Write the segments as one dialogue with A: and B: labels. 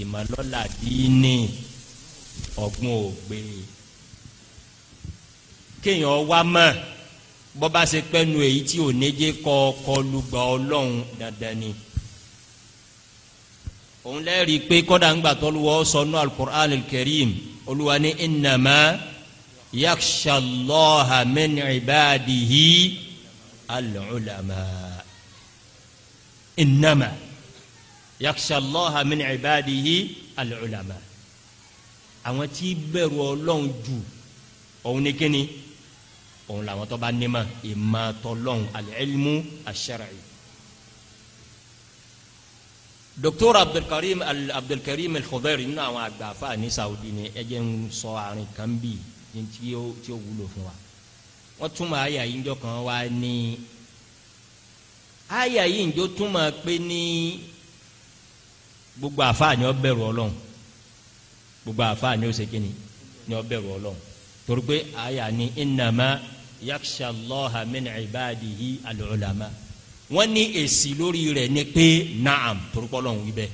A: ìmọ̀lọ́lá díínì ọ̀gbun ògbé kéèyàn wá mọ̀ bọ́ba ṣe pẹ́nu èyí tí ò ní jẹ́ kọ́ kọlùgbà ọlọ́run dandan ni òun lẹ́rìí pé kọ́dà ń gbà tọ́lúwọ́ sọnú alukur'an kẹrìm olúwa ní ìnàmá yakshalọ́ha min ibadihi alulama ìnàmá yakhsha Allaha min ibadihi al-ulama àwọn tí bẹ̀rù ọlọ́run jù òun ni kíni òun làwọn tó bá nímọ̀ ìmọ̀ tọ́lọ́run al-ilmu ash-shar'i. Dr. Abdulkarim Abdulkarim Al-Khudairi nínú àwọn àgbàfà ní Saudi ni ẹ ń sọ àárín kan bí tí ó wúlò fún wa wọ́n túmọ̀ àyà yìí njọ́ kan wá ní àyà yìí njọ́ túmọ̀ pé ní. Ni gbogbo àfáà ni ó bẹ̀rù ọlọ́run gbogbo àfáà ni ó ṣe kíni ni ó bẹ̀rù ọlọ́run torí pé àyà ni innama yakhsha Allaha min ibadihi al-ulama wọ́n ní èsì lórí rẹ̀ ni pé naam torí pé ọlọ́run wí bẹ́ẹ̀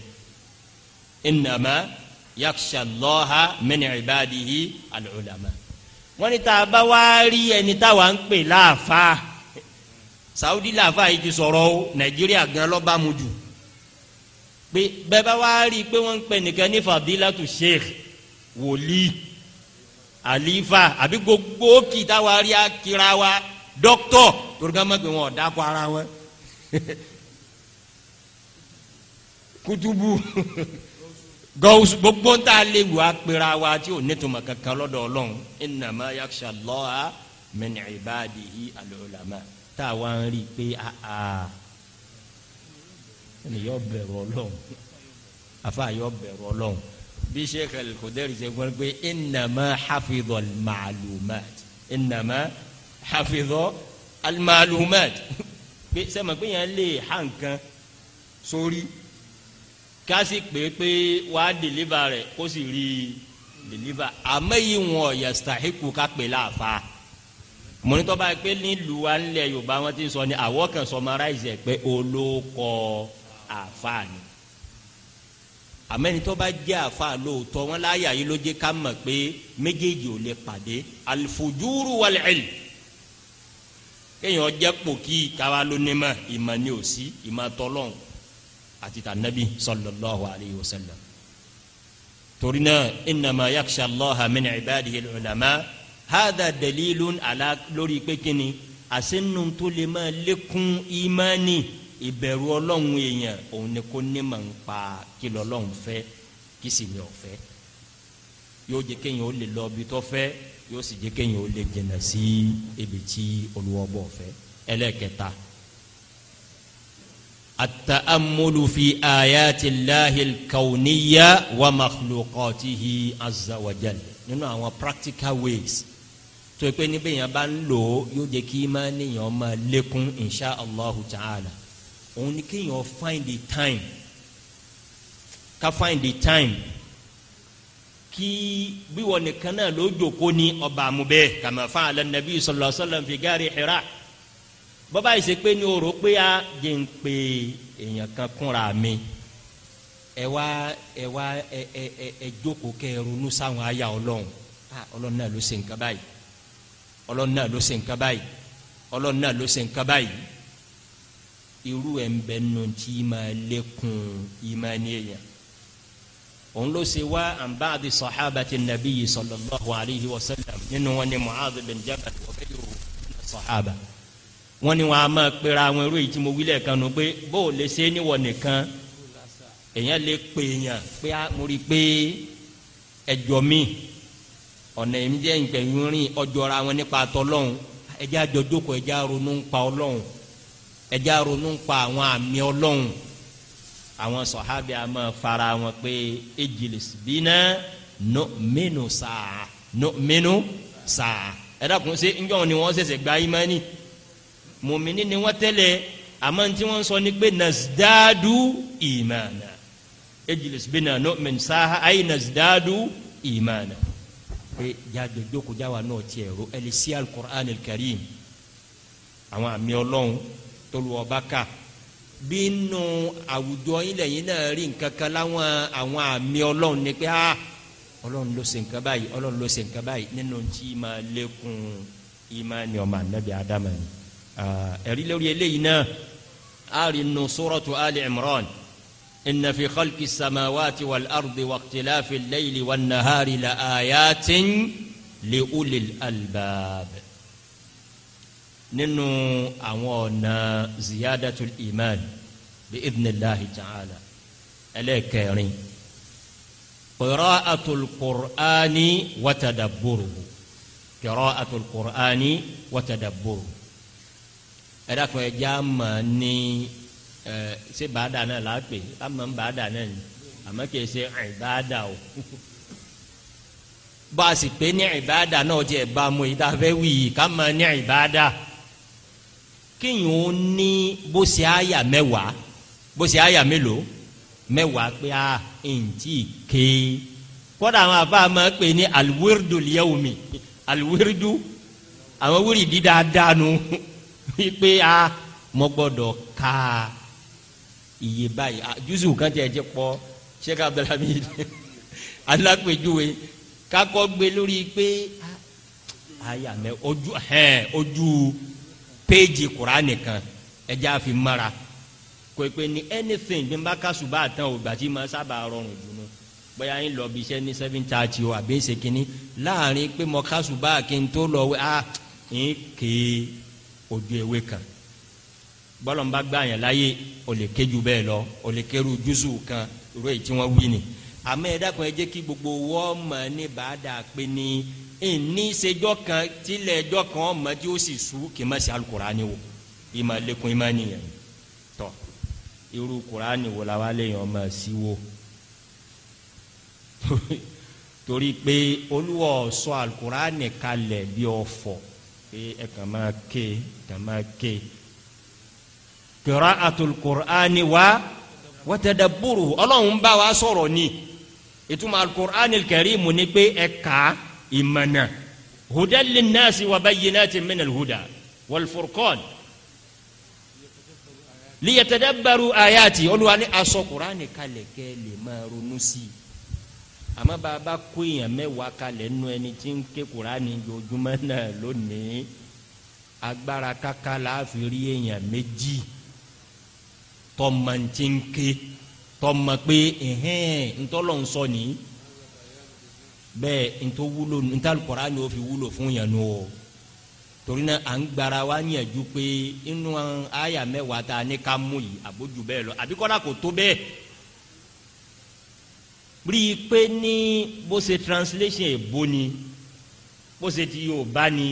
A: innama yakhsha Allaha min ibadihi al wọ́n ní tá a bá wá rí ẹni táwa ń pè láàfáà Saudi láàfáà yìí ti sọ̀rọ̀ o Nàìjíríà gan lọ́ba mu jù pé bẹ́ẹ̀ bá wá rí i pé wọ́n ń pè nìkan ní fadilatu sheikh wòlíì àlífà àbí gbogbo kìtà wa rí akira wa dókítọ̀ torí ká má pè wọn ara wọn kutubu gawusu gbogbo ntà léwu apera wa tí ò ní tuma kankan lọ́dọ̀ ọlọ́run innama yakhsha Allaha min ibadihi al-ulama tá a wá ń rí i pé aa ẹni yọ bẹ̀rù Ọlọ́run afa yọ bẹ̀rù Ọlọ́run bí Sheikh al-Kudari ṣe gbọ́n pé innama hafidha al-ma'lumat innama hafidha al-ma'lumat pé sẹ́mi pé yẹn lè ha nǹkan sórí kasi kpekpe wa deliver rẹ kó sì rí deliver ame yi wọn yastahiku ká pè láàfa mọ̀nítọ́ pé nílùú wa ńlẹ̀ yorùbá wọn ti sọ ni àwọ̀ kan sọmaráìsì pé olóko àáfàá ni àmẹ́ni tó bá jẹ́ àáfàá lóòótọ́ wọn láyà yìí ló jẹ́ ká mọ̀ pé méjèèjì ò lè pàdé alifujuru wal-ilm kéèyàn jẹ́ pòkì káwa ló ní mọ̀ ìmọ̀ ni ò sí ìmọ̀ tọ́lọ́hún àti tànàbí sallallahu alayhi wa sallam torí náà innama yakhsha Allaha min ibadihi al-ulama hadha ala lórí pé kíni àsinu tó lè máa lékún ìmánì ìbẹ̀rù ọlọ́run èèyàn òun ni kó nímọ̀ ń pa kí lọ́lọ́run fẹ́ kí sì ni ọ̀fẹ́ yóò jẹ́ kéèyàn ó lè lọ ibi tó fẹ́ yóò sì jẹ́ kéèyàn ó lè jìnnà sí ibi tí Olúwa bọ̀ fẹ́ ẹlẹ́kẹta at-ta'ammulu fi ayati llahil kawniyya wa makhluqatihi azza wa nínú àwọn practical ways tó yẹ pé níbẹ̀ yẹn bá ń lò yóò jẹ́ kí imáníyàn máa lékún insha Allahu ta'ala òun ni kéèyàn find the time ká find the time kí bíwọ nìkan náà ló jòkó ní ọba àmúbẹ kama fa'ala nabi sallallahu alaihi wasallam fi gari Hira bọ́bá yìí o rò pé a jẹ́ ń pe èèyàn kan kúnra mi ẹ wá ẹ wá ẹ ẹ ẹ jókòó kẹ ẹ ronú sáwọn àyà ọlọ́run ọlọ́run náà ló ṣe nǹkan báyìí ọlọ́run náà ló ṣe nǹkan báyìí ọlọ́run náà ló ṣe nǹkan báyìí irú ẹ̀ ń bẹ nù tí máa lékun ìmánì èèyàn òun ló ṣe wá àǹbá àti sọ̀hábàtì nàbíyì sallallahu alayhi wa sallam nínú wọn ni Mu'adh bin Jabal wọ́n fẹ́ yóò sọ̀hábà wọ́n ní wọn a máa pera àwọn irú yìí tí mo wí lẹ́ẹ̀kan nu pé bó o lè ṣe é níwọ̀ nìkan èèyàn lè pè èèyàn pé mo rí i pé ẹjọ́ mi ọ̀nà ìmúdẹ́yìn pẹ̀lú rìn ọjọ́ra wọn nípa tọ́lọ́hún ẹjẹ́ àjọjókòó ẹjẹ́ àronú ń pa ọlọ́hún ẹja ronú pa àwọn àmì ọlọ́run àwọn sọ̀hábì àmọ́ fara wọn pé ejilis bínà no mínú sáà no mínú sáà ẹ dákun ṣe ńjọ́ ni wọ́n ṣẹ̀ṣẹ̀ gba ìmánì mùmíní ni wọ́n tẹ́lẹ̀ àmọ́ tí wọ́n sọ ni pé nasdadu ìmánà ejilis bínà no mínú sáà ayé nasdadu ìmánà pé jáde jókòó jáwa náà tiẹ̀ ro ẹ lè ṣí alukur'an karim àwọn àmì ọlọ́run tolùwọ́ba kà bí nù àwùjọ yín lẹ́yìn náà rí nǹkan kan láwọn àwọn àmì ọlọ́run ni pé ah ọlọ́run ló ṣe nǹkan báyìí ọlọ́run ló ṣe nǹkan báyìí nínú tí máa lékun ìmánì ọmọ anabi adama ni ẹ̀rí lórí eléyìí náà a rí nù suratu ali imran inna fi samawati wal ardi wa layli wan nahari la ayatin li ulil albab nínú àwọn ọ̀nà ziyadatul iman bi idnillahi ta'ala ẹlẹ́kẹrin qira'atul qur'ani wa tadabburuhu qira'atul qur'ani wa tadabburuhu ẹ̀dàkùn ẹ̀já mọ̀ ní ẹ̀ ṣé bàdà náà là á pè á mọ̀ ń bàdà náà ni àmọ́ o bá a sì pé ní ìbáàdà náà jẹ́ ìbámu yìí tá a fẹ́ wí yìí ká mọ̀ kéèyàn ó ní bó ṣe àyà mẹ́wàá bó ṣe àyà mélòó mẹ́wàá pé a ǹtí ké kódà àwọn àfáà máa pè ní aliwiridu liyawumi aliwiridu àwọn wíìrìdì dáadáa nu wípé a mo gbọ́dọ̀ ka iye báyìí jùsù kan tẹ ẹ jẹ pọ sheikh abdulhamid alápèjúwe kakọ gbé lórí pé àyà mẹ ojú ojú péèjì kuraani kan ẹjẹ àfi mara kò pé ní anything bí n bá kásù bá tán o gbàtí ma sábà rọrùn dùnú bóyá ń lọ bí iṣẹ́ ní seven thirty o àbí ṣe láàrin pé mo kásù bá kí n tó lọ wẹ a ń ké ojú ewé kan bọ́lọ̀ ń bá gbà yẹn láyé o lè kéjú bẹ́ẹ̀ lọ o lè kéru júùsù kan ìró èyí tí wọ́n wí ni àmọ́ ẹ dákun ẹ jẹ́ kí gbogbo wọ́ọ̀mọ̀ ní bàdà pé ní ìní ìṣèjọ́ kan tilẹ̀ ẹjọ́ kan ọmọ tí ó sì sú kì í má ṣe alukurani wò ìmọ̀ lẹ́kùn ìmọ̀ nìyẹn tọ̀ irú kurani wò la wá léyìn ọmọ sí wò torí pé olúwa sọ alukurani kalẹ̀ bí ọ̀fọ̀ pé ẹ kàn máa ké kàn máa ké kìrọ àtòlùkùránì wa wọ́tẹ̀dẹ̀ búrú ọlọ́run bá wa sọ̀rọ̀ ni ìtumọ̀ alukurani kẹrìmù ni pé ẹ kàá ìmọ̀nà hudan linnaasi wa bayyinatin min alhuda walfurqan liyatadabaru ayati olúwa ni aṣọ kuraani kalẹ̀ kẹ́ lè máa ronú sí i àmọ́ bá a bá kó èèyàn mẹ́wàá kalẹ̀ nù ẹni tí ń ké kuraani jojúmọ́ náà lónìí agbára kaka la fi rí èèyàn méjì tọmọ ti ń ké tọmọ pé ẹ̀hẹ́n ntọ́lọ́ ń sọ nìyí bẹ́ẹ̀ ntọ́ wúlò ntàlù Kùránì ó fi wúlò fún yẹn nù o torí náà à ń gbara wa níyànjú pé inú àyà mẹ́wàá ta ní ká mú yìí àbójú bẹ́ẹ̀ lọ àbí kọ́dà kò tó bẹ́ẹ̀ rí i pé ní bó ṣe translation èbó ni bó ṣe ti Yorùbá ni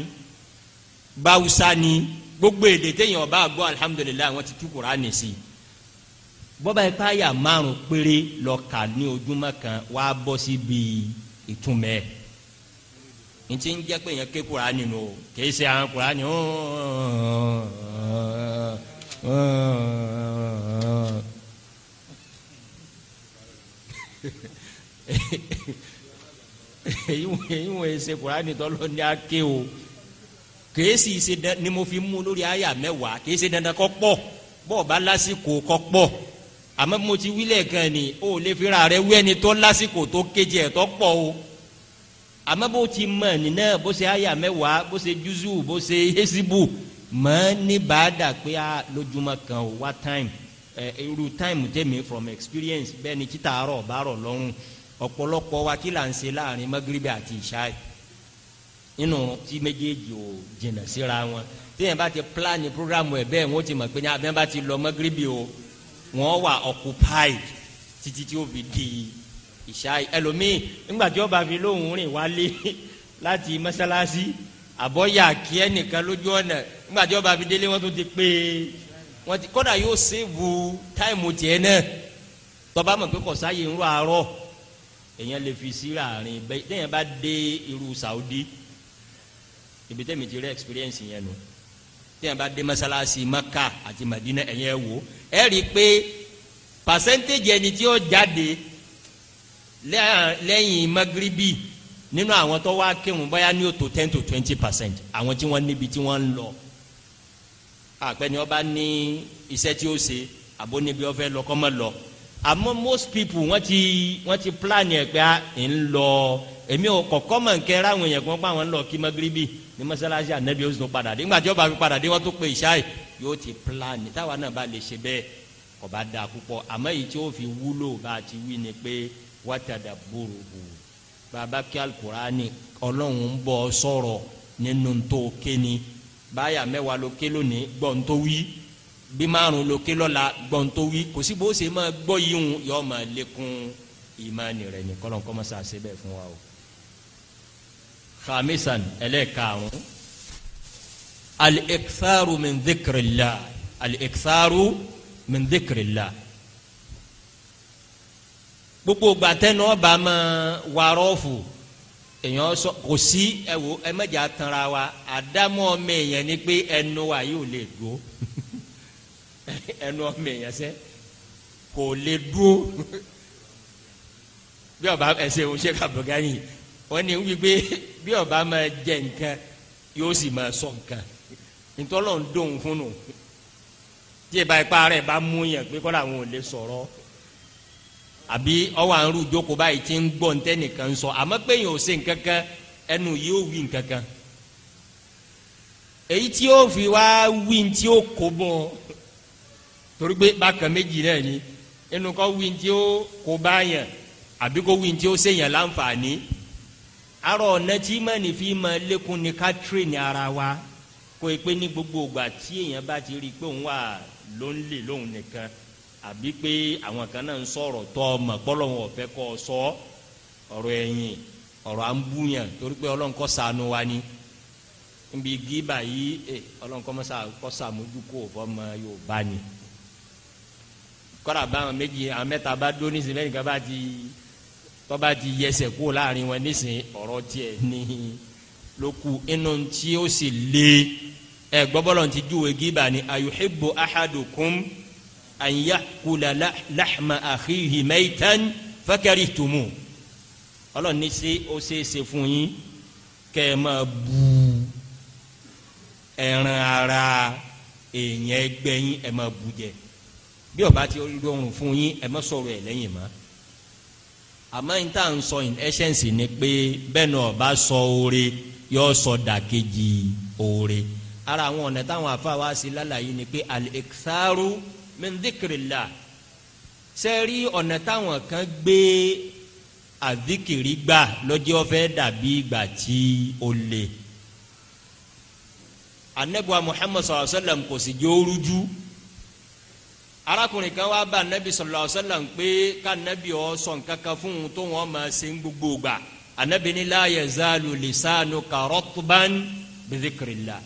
A: báwùsá ni gbogbo èdè téèyàn bá gbọ́ alihamudulilayi wọ́n ti tú Kùránì sí i bọ́bá yìí páyà márùn péré lọ́ka ní ojúmọ́ kan wá bọ́ síbi ìtumẹ̀ n ti ń jẹ́ pé yẹn ké kura nínú o kì í ṣe àwọn kura ni èyí wọ́n ṣe kura ni tọ́lọ́ ní a ké o kì í sì ṣe ni mo fi mú lórí àyà mẹ́wàá kì í ṣe dandan kọ́ pọ̀ bọ́ọ̀ bá lásìkò kọ́ pọ̀ àmọ́ mo ti wílẹ̀ kan ni o lè fi ra rẹ wí ẹni tó lásìkò tó kejì ẹ̀ tó pọ̀ o àmọ́ bó ti mọ̀ nínú bó ṣe àyà mẹ́wàá bó ṣe júzù bó ṣe hesibu mọ̀ ní bàdà pé a lójúmọ́ kan o wá time ẹ irú time tẹ̀mí from experience bẹ́ẹ̀ ni títà àárọ̀ bàárọ̀ lọ́rùn ọ̀pọ̀lọpọ̀ wa kí là ń ṣe láàrin magribi àti ìṣáì nínú tí méjèèjì ò jìnnà síra wọn téèyàn bá ti plan program ẹ̀ bẹ́ẹ̀ wọ́n ti mọ̀ pé ní bá ti lọ magribi o wọ́n wà occupied títí tí ó fi di ìṣá ẹlòmíì nígbà tí ó bá fi lóhùn rìn wálé láti mọ́sálásí àbọ̀yà kí ẹnìkan lójú ọ̀nà nígbà tí ó bá fi délé wọ́n tún ti pé e. wọ́n ti kódà yóò ṣèwù táìmù tiẹ̀ náà tọ́ba mọ̀ pé kọ̀sáyé ń rọ àárọ̀ èèyàn lè fi sí láàrin bẹ́ẹ̀ téèyàn bá dé irú Saudi ibi tẹ́mi ti rí experience yẹn nu. No téèyàn bá dé mọ́sálásí mọ́kà àti màdínà ẹ̀yẹ wò ẹ rí i pé pàṣẹ́ntéèjì ẹni tí ó jáde lẹ́yìn magribi nínú àwọn tó wá kéwọn bóyá ní o tó ten to twenty percent àwọn tí wọ́n níbi tí wọ́n ń lọ àpẹni ọba ní iṣẹ́ tí ó ṣe àbónibi ọfẹ́ lọ kọ́ mọ́ lọ àmọ́ most people wọ́n ti wọ́n ti plan yẹn pé à ah, ń lọ èmi ò kọ̀kọ́ mọ̀ nkẹ́ ráwọn yẹn kó pa àwọn ń lọ kí magribi ní mọ́sálásí ànábi ó sì tún padà dé ńgbà tí ó bá fi padà dé wọ́n tún pè ṣáì yóò ti plan táwa náà bá lè ṣe bẹ́ẹ̀ kò bá dáa púpọ̀ àmọ́ èyí tí ó fi wúlò bá a ti wí ni pé wátàdà bòròbò bàbá kí alukurani ọlọ́run ń bọ̀ sọ̀rọ̀ nínú tó kéni báyà mẹ́wàá ló ké lónìí gbọ́n tó wí bí márùn lókè lọ́la gbọ̀ntówí kò sí bó ṣe máa gbọ́ yíhun yóò máa lékún ìmánì rẹ̀ ní kọ́lọ́n kọ́ mọ́sá ṣe bẹ́ẹ̀ fún wa o. khamisan ẹlẹ́ẹ̀karùn-ún al-iktharu min dhikrillah al-iktharu min dhikrillah gbogbo gbàtẹ́nu ọba máa wàrọ́ọ̀fù èèyàn sọ kò sí ẹ wo ẹ mẹ́jà tanra wa àdámọ́ ọmọ èèyàn ni pé ẹnu wa yóò lè gbó. ẹnu ọmọ èèyàn sẹ kò lè dúró bí ọba ẹsẹ òun ṣe kàbọgá yìí wọn ni wípé bí ọba máa jẹ nǹkan yóò sì máa sọ nǹkan ntọ́lọ̀ ń dóhùn fún nù tí ìbá ipá rẹ̀ bá mú yàn pé kọ́ làwọn ò lè sọ̀rọ̀ àbí ọwọ́ àrùn ìjókòó báyìí ti ń gbọ́ ntẹ́nìkan ń sọ àmọ́ pé yàn ò ṣe nǹkan ẹnu yìí wí nǹkan èyí tí ó fi wá wí tí ó kó bọ́ ọ torí pé bákan méjì náà ni inú kọ́ wí tí ó kó bá yàn àbí kó wí tí ó láǹfààní arọ ọ̀nà tí mẹ́ni fi lékún ní ara wa kó e pé ní gbogbo ìgbà tí èèyàn bá ti rí i pé òun wà ló ń lè nìkan àbí pé àwọn kan náà ń sọ̀rọ̀ tọ́ ọmọ sọ ọ̀rọ̀ ẹ̀yìn ọ̀rọ̀ torí pé wa ni níbi gíbà yìí eh, kọ́ra báwọn méjì àwọn mẹ́ta bá dó nísìnyí bẹ́ẹ̀ nìkan bá ti tọ́ba ti yẹsẹ̀ kó láàrin wọn nísìnyí ọ̀rọ̀ tiẹ̀ ní lóku inú tí ó sì lé ẹ gbọ́bọ́lọ́ ti júwe gíba ni ayuhibu ahadukum an yakula lahma akhihi maitan fakarihtumu ọlọ́ni ṣe ó ṣeéṣe fún yín kẹ́ ẹ máa bu ẹran ara èèyàn ẹgbẹ́ yín ẹ máa bu jẹ bí ọba ti rọrùn fún yín ẹ má sọ̀rọ̀ ẹ lẹ́yìn mọ́ àmọ́ n tá à ń sọ in essence ni pé bẹ́ẹ̀ náà ọba sọ oore yóò sọ dàkejì oore ara àwọn ọ̀nà táwọn afa wa sí lálàyé ni pé al-iktharu sẹ́rí ọ̀nà táwọn kan gbé àdìkìrí gbà lọ́jọ́ fẹ́ dàbí ìgbà tí ó le anabuwa Muhammad sallallahu alaihi wa sallam kò sì jẹ́ orújú arákùnrin kan wá bá anabi sallallahu alaihi wasallam pé ká anabi ọ sọ nǹkan kan fún un tó wọn máa ṣe ń gbogbo gbà anabi ní la yazalu lisanuka ratban bi dhikrillah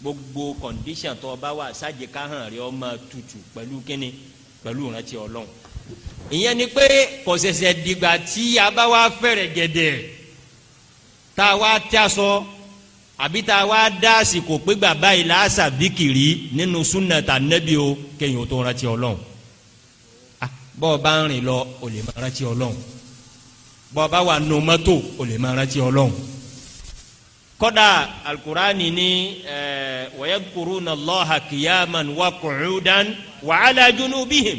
A: gbogbo kọndíṣàn tó bá wà sáàjì ká hàn rí ọ máa tutù pẹ̀lú kínní pẹ̀lú ìrántí ọlọ́run ìyẹn ni pé kò dìgbà tí a bá wá fẹ̀rẹ̀ gẹ̀dẹ̀ tá a wá tẹ́ aṣọ àbí tá a wá dá àsìkò pé bàbá yìí láàṣà bíkìrì nínú súnàtà nẹ́bí o kéèyàn tó rántí ọlọ́run bọ́ọ̀ bá ń rìn lọ ò lè máa rántí ọlọ́run bọ́ọ̀ bá wà nù mọ́tò ò lè máa rántí ọlọ́run kọ́dà alukurani ní wa yadhkuruna Allaha qiyaman wa qu'udan wa ala junubihim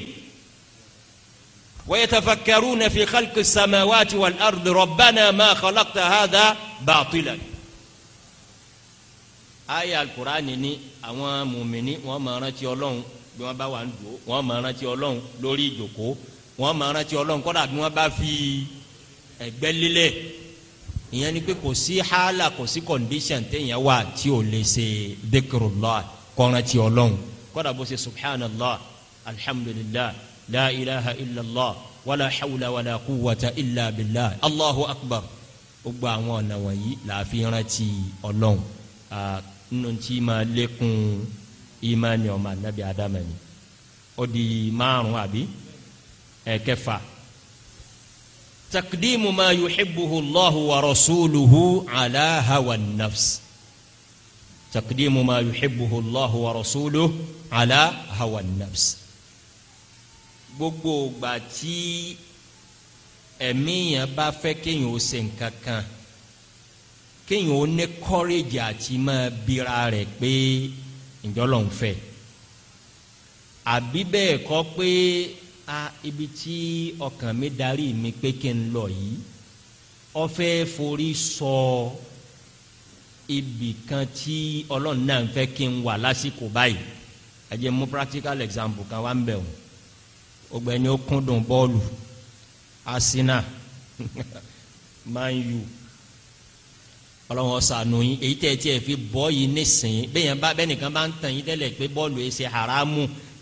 A: wa yatafakkaruna fi khalqis samawati wal ardi rabbana ma khalaqta hadha batilan aya alukurani ni àwọn mùmíní wọ́n máa rántí Ọlọ́run bí wọ́n bá wà ń dùn wọ́n máa rántí Ọlọ́run lórí ìjòkó wọ́n máa rántí Ọlọ́run kódà bí wọ́n bá fi ẹ̀gbẹ́ lélẹ̀ ìyẹn ni pé kò sí hàlà kò sí condition téèyàn wà tí ò lè ṣe dhikrullah kó rántí Ọlọ́run kódà bó ṣe subhanallah alhamdulillah la ilaha illallah wala hawla wala quwwata illa billah allahu akbar gbogbo àwọn ọ̀nà wọ̀nyí la fi rántí Ọlọ́run. Ah, nínú tí máa lékún ìmánì ọmọ anabi adama ni ó di márùn àbí ẹ̀kẹfà takdimu ma yuhibbuhu allahu wa rasuluhu ala hawa nafs takdimu ma yuhibbuhu allahu wa rasuluhu ala hawa nafs gbogbo ìgbà tí bá fẹ́ kéèyàn ó ṣe kan kéèyàn ó ní kọ́rẹ́jì àti máa bira rẹ̀ pé ǹjọ́ ló ń fẹ́ àbí bẹ́ẹ̀ kọ́ pé a ibi tí ọkàn mi darí mi pé kí n lọ yìí ó fẹ́ forí sọ ibì kan tí ọlọ́run náà fẹ́ kí n wà lásìkò báyìí ẹ jẹ́ mú practical example kan wá ń bẹ̀ wọ́n ọgbẹ́ni ó kúndùn bọ́ọ̀lù Arsenal Man U ọlọ́run ọ̀sánú yín èyí tẹ́ ẹ tiẹ̀ fi bọ́ yìí nísìnyí bẹ́ẹ̀ bá bẹ́ẹ̀ nìkan bá ń tàn yín tẹ́lẹ̀ pé bọ́ọ̀lù ẹsẹ̀ haramu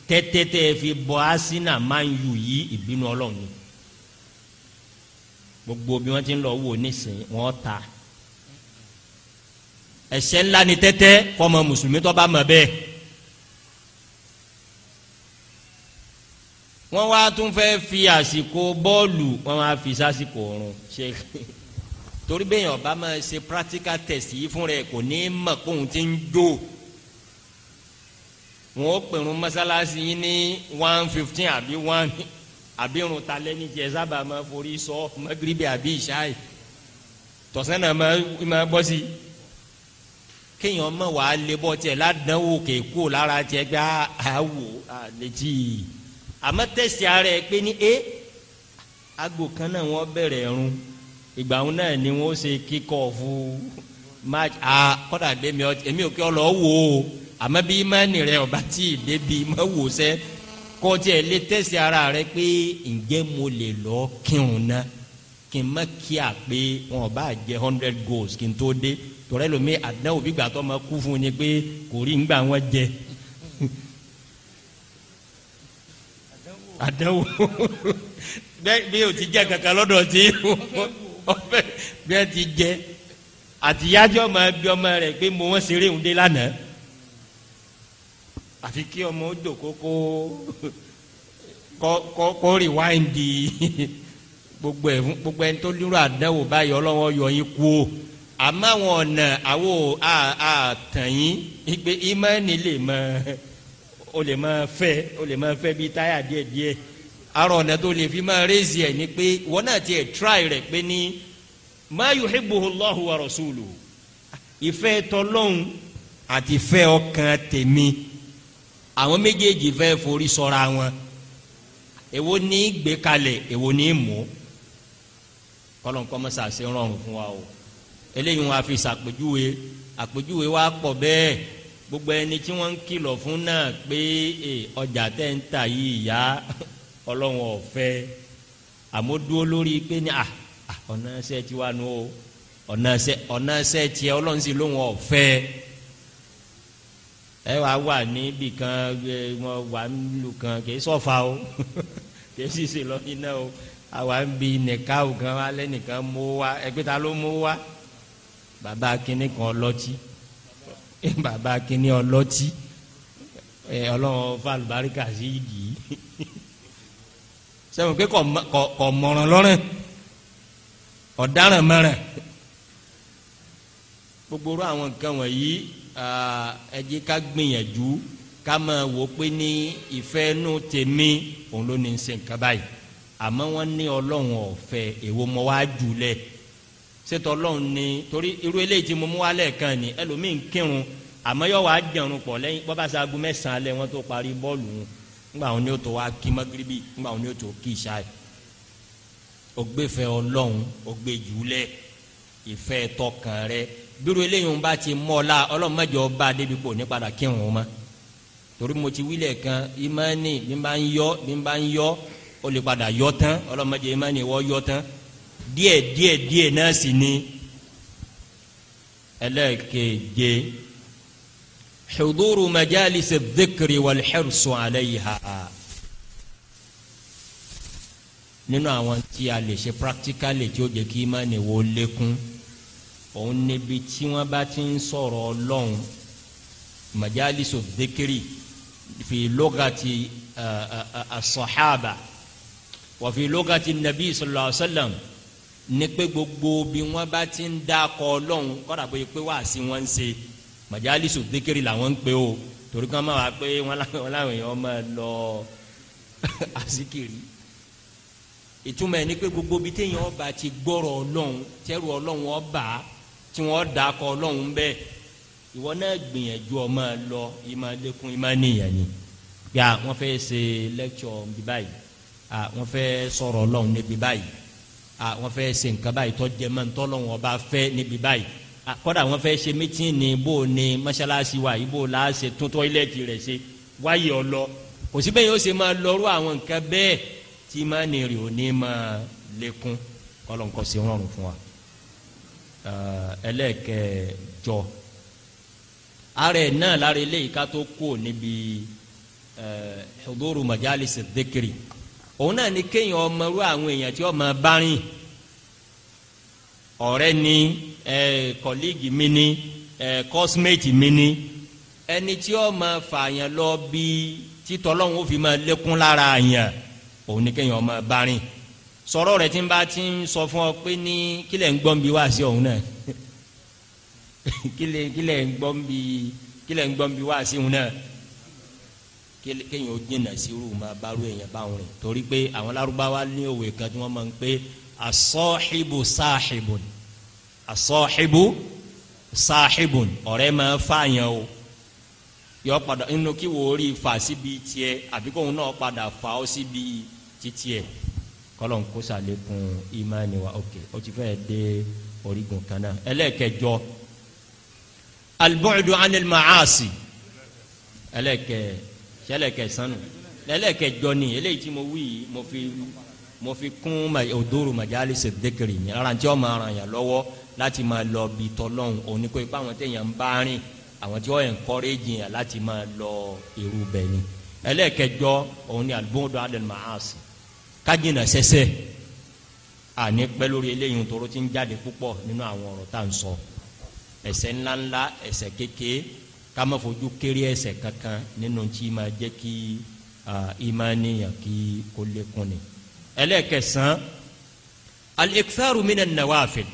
A: tẹ́tẹ́ tẹ́ ẹ fi bọ́ asínà máa ń yù yí ìbínú ọlọ́run gbogbo bí wọ́n ti ń lọ wò nísìnyí wọ́n ta ẹ̀ṣẹ̀ ńlá ni tẹ́tẹ́ fọmọ mùsùlùmí tó bá mọ̀ bẹ́ẹ̀ wọ́n wá tún fẹ́ fi àsìkò bọ́ọ̀lù wọ́n wá fi sásìkò ọ̀run ṣe é torí bẹ́ẹ̀ ọba máa ṣe practical test yìí fún rẹ̀ kò ní mọ̀ kó òun ti ń jó wọn ó pèrún mọ́sálásí ní one fifteen àbí one àbí irun ta lẹ́ni jẹ sábà máa forí sọ mọ́gíríbì àbí ìṣáì tọ̀sán náà máa bọ́ sí i kéèyàn mọ̀ wá lé bọ́ tiẹ̀ ládánwò kéèkó lára tiẹ̀ gbá àwò àlejì àmọ́ tẹ̀sí ara ẹ pé ní e aago kan náà wọ́n bẹ̀rẹ̀ ẹ̀rùn ìgbà wọn náà ni wọn ṣe kíkọ fún match a kọ́dà dẹ́mi ọ èmi ò kí ọ lọ wò ó àmọ́ bí imáni rẹ ọba tí ì débi má wò sẹ́ kọ́ tiẹ̀ lé tẹ̀sí ara rẹ pé ǹjẹ́ mo lè lọ kírun náà kí n má kíá pé wọn ò jẹ hundred goals kí n tó dé tọ́rẹ́ lomi àdánwò bí gbàtọ́ ma kú fún ni pé kò rí ngbà wọn jẹ àdánwò bẹ́ẹ̀ bí o ti jẹ́ kankan lọ́dọ̀ tí ọfẹ bí ẹ ti jẹ àtìyájọ ọmọ ẹbí ọmọ rẹ pé mo wọn ṣeré òun dé lánàá àfi kí ọmọ ó dòkókó kọ kọ rìwáìndì gbogbo ẹ gbogbo ẹni tó lérò àdánwò báyìí ọlọ́wọ́ yọ yín kú o àmọ́ àwọn ọ̀nà àwo àtàn yín ìgbé ìmọ̀ ni lè mọ o lè mọ fẹ́ o lè mọ fẹ́ bíi táyà díẹ̀díẹ̀ arọ ọ̀nà tó lè fi máa rézì ẹ̀ ni pé wọn náà tiẹ̀ tíráì rẹ̀ pé ní ma yuhibbuhu Allahu wa rasuluhu ìfẹ́ tọlọ́hún àti ìfẹ́ ọkàn tèmi àwọn méjèèjì fẹ́ forí sọra wọn èwo ní gbé kalẹ̀ èwo ní mú kọlọ́nkọ́mọ́sá ṣe rọrùn fún wa o eléyìí wọn àfi ṣàpèjúwe àpèjúwe wa pọ̀ bẹ́ẹ̀ gbogbo ẹni tí wọ́n ń kìlọ̀ fún náà pé ọjà tẹ́ ń tà yìí yá ọlọ́run ọ̀fẹ́ àmọ́ dúró lórí pé ní à ah, ah, ọ̀nà ẹsẹ̀ tí wà nù o ọ̀nà ẹsẹ̀ ọ̀nà ẹsẹ̀ tiẹ̀ ọlọ́run sì lóhun ọ̀fẹ́ ẹ wá wà níbì kan mo wà nílùú kan kì í sọ̀fà o kì sì ṣe lọ́yìn náà o àwa ń bi nìka o gan alẹ́ nìkan mú wa ẹgbẹ́ ta ló mú wa bàbá kínní kan ọlọ́tí bàbá kínní ọlọ́tí ọlọ́run fàlùbáríkà sí yìí. sẹ́wọ̀n pé kọ̀ mọ̀ràn lọ́rùn ọ̀daràn mẹ́rẹ̀ gbogbo ru àwọn nǹkan wọ̀nyí ẹ jẹ́ ká gbìyànjú ká máa wò pé ní ìfẹ́ inú tèmi òun ló ní í ṣe nǹkan báyìí àmọ́ wọ́n ní ọlọ́run ọ̀fẹ́ èwo mọ́ wá jù lẹ̀ ṣètò ọlọ́run ni torí irú eléyìí tí mo mú wá lẹ́ẹ̀kan ni ẹlòmíín kírun àmọ́ yóò wá jẹun pọ̀ lẹ́yìn bọ́bá sago mẹ́sàn-án alẹ́ wọn tó parí bọ́ọ̀lù wọn ńgbà wọn ni ó tó wá kí magiribi ńgbà wọn ni ó tó kí ìṣáì ògbéfẹ́ ọlọ́run ògbéjúlẹ̀ ìfẹ́ tọkàn rẹ bírò eléyìí ń bá ti mọ́ ọ la ọlọ́run mẹ́jọ bá débi kò ní padà kí wọn ma torí mo ti wílẹ̀ kan ìmánì bí n bá ń yọ bí n bá ń yọ ó lè padà yọ tán ọlọ́run mẹ́jọ ìmánì wọ́ yọ tán díẹ̀ díẹ̀ díẹ̀ náà sì ni ẹlẹ́ẹ̀keje. حضور مجالس الذكر والحرص عليها nínú àwọn tí a lè ṣe practically tí ó jẹ́ kí imáni wo lékún òun níbi tí wọ́n bá ti ń sọ̀rọ̀ ọlọ́run majalisu dhikri fi lugati as-sahaba wa fi lugati nabi sallallahu alaihi wa sallam ní pé gbogbo bí wọ́n bá ti ń dákọ̀ ọlọ́run kọ́dà pé pé wàásì wọ́n ń ṣe majalisu dékèrè làwọn ń pè o torí kan máa wà pé wọn làwọn èèyàn máa lọ azikiri ìtumọ̀ ẹ̀ ni pé gbogbo bíi téèyàn ọba ti gbọ́rọ̀ ọlọ́run tẹ́rù ọlọ́run ọba tí wọ́n da kọ ọlọ́run bẹ́ẹ̀ ìwọ náà gbìyànjú ọmọ lọ ìmọ̀ lẹ́kùn ìmọ̀ nìyẹn ni pé à wọ́n fẹ́ ṣe lẹ́kṣọ̀ bí báyìí à wọ́n fẹ́ sọ̀rọ̀ ọlọ́run níbi báyìí à wọ́n fẹ́ ṣe nǹkan báyìí tó jẹ́ mọ́ ntọ́lọ́run ọba fẹ́ níbi báyìí Ah, kọ́dà wọ́n fẹ́ ṣe mítìn ní bó ní mọ́ṣáláṣí wa yìí bó la ṣe tún tọ́ílẹ̀tì rẹ̀ ṣe wáyé ọlọ kò síbẹ̀ yóò ṣe máa lọ́rú àwọn nǹkan bẹ́ẹ̀ tí má ní rè ò ní máa lékún kọ́lọ́nkọ́ se rọrùn fún wa ah, ẹlẹ́ẹ̀kẹjọ ara ẹ̀ náà lára eléyìí ká tó kú níbi eh, huduuru majalisi dhikri òun náà ni kéèyàn ọmọrú àwọn èèyàn tí ọmọ bá rìn ọ̀rẹ́ ni ẹ kọlíìgì mi ni ẹ kọ́símẹ́tì mi ni ẹni tí ó máa fà yẹn lọ bí títọ́ lọ́hùn ó fi máa lékún lára yẹn òun ni kéèyàn máa bá rìn sọ̀rọ̀ rẹ̀ tí ń bá ti ń sọ fún ọ pé ní kílẹ̀ ń gbọ́n bí wá sí òun náà kílẹ̀ kílẹ̀ ń gbọ́n bí kílẹ̀ ń gbọ́n bí wá sí òun náà kéèyàn ó jìnnà sírù máa bárú èèyàn báwọn rìn torí pé àwọn lárúbáwá ní òwe kan tí wọ́n máa ń pé asọ́hìbù sáhìbù ni asọ́ọ̀hìbù sáàhìbùn ọ̀rẹ́ máa fààyàn o yọ padà nínú kí wò ó rí fà síbi tiẹ̀ àbí kóun náà padà fà ó síbi titiẹ̀ kọ́lọ̀ ń kó sàlékún ìmánì wa ok ó ti fẹ́ẹ́ dé orígun kan náà ẹlẹ́ẹ̀kẹjọ albu'du anil ma'asi ẹlẹ́ẹ̀kẹ ṣẹlẹ́ẹ̀kẹ sanu ẹlẹ́ẹ̀kẹjọ ni eléyìí tí mo wí yìí mo fi mo fi kún odoro majalisi dhikri ni ara ń tí wọ́n máa láti máa lọ bí tọlọ́hún òní kó ipá àwọn téèyàn ń bá rìn àwọn tí wọ́n encourage yẹn láti máa lọ irú bẹ́ẹ̀ ni ẹlẹ́ẹ̀kẹjọ òun ni àdúgbò àdèmọ̀ àásì kájìnà sẹ́sẹ́ àní pẹ́ lórí eléyìí tóró ti ń jáde púpọ̀ nínú àwọn ọ̀rọ̀ tá à ń sọ ẹ̀ṣẹ̀ ńláńlá ẹ̀ṣẹ̀ kékeré ká má fojú kéré ẹ̀ṣẹ̀ kankan nínú tí máa jẹ́ kí ìmánìyàn kí kó lékún ni ẹlẹ́ẹ̀kẹsàn al-iktharu mina nawafil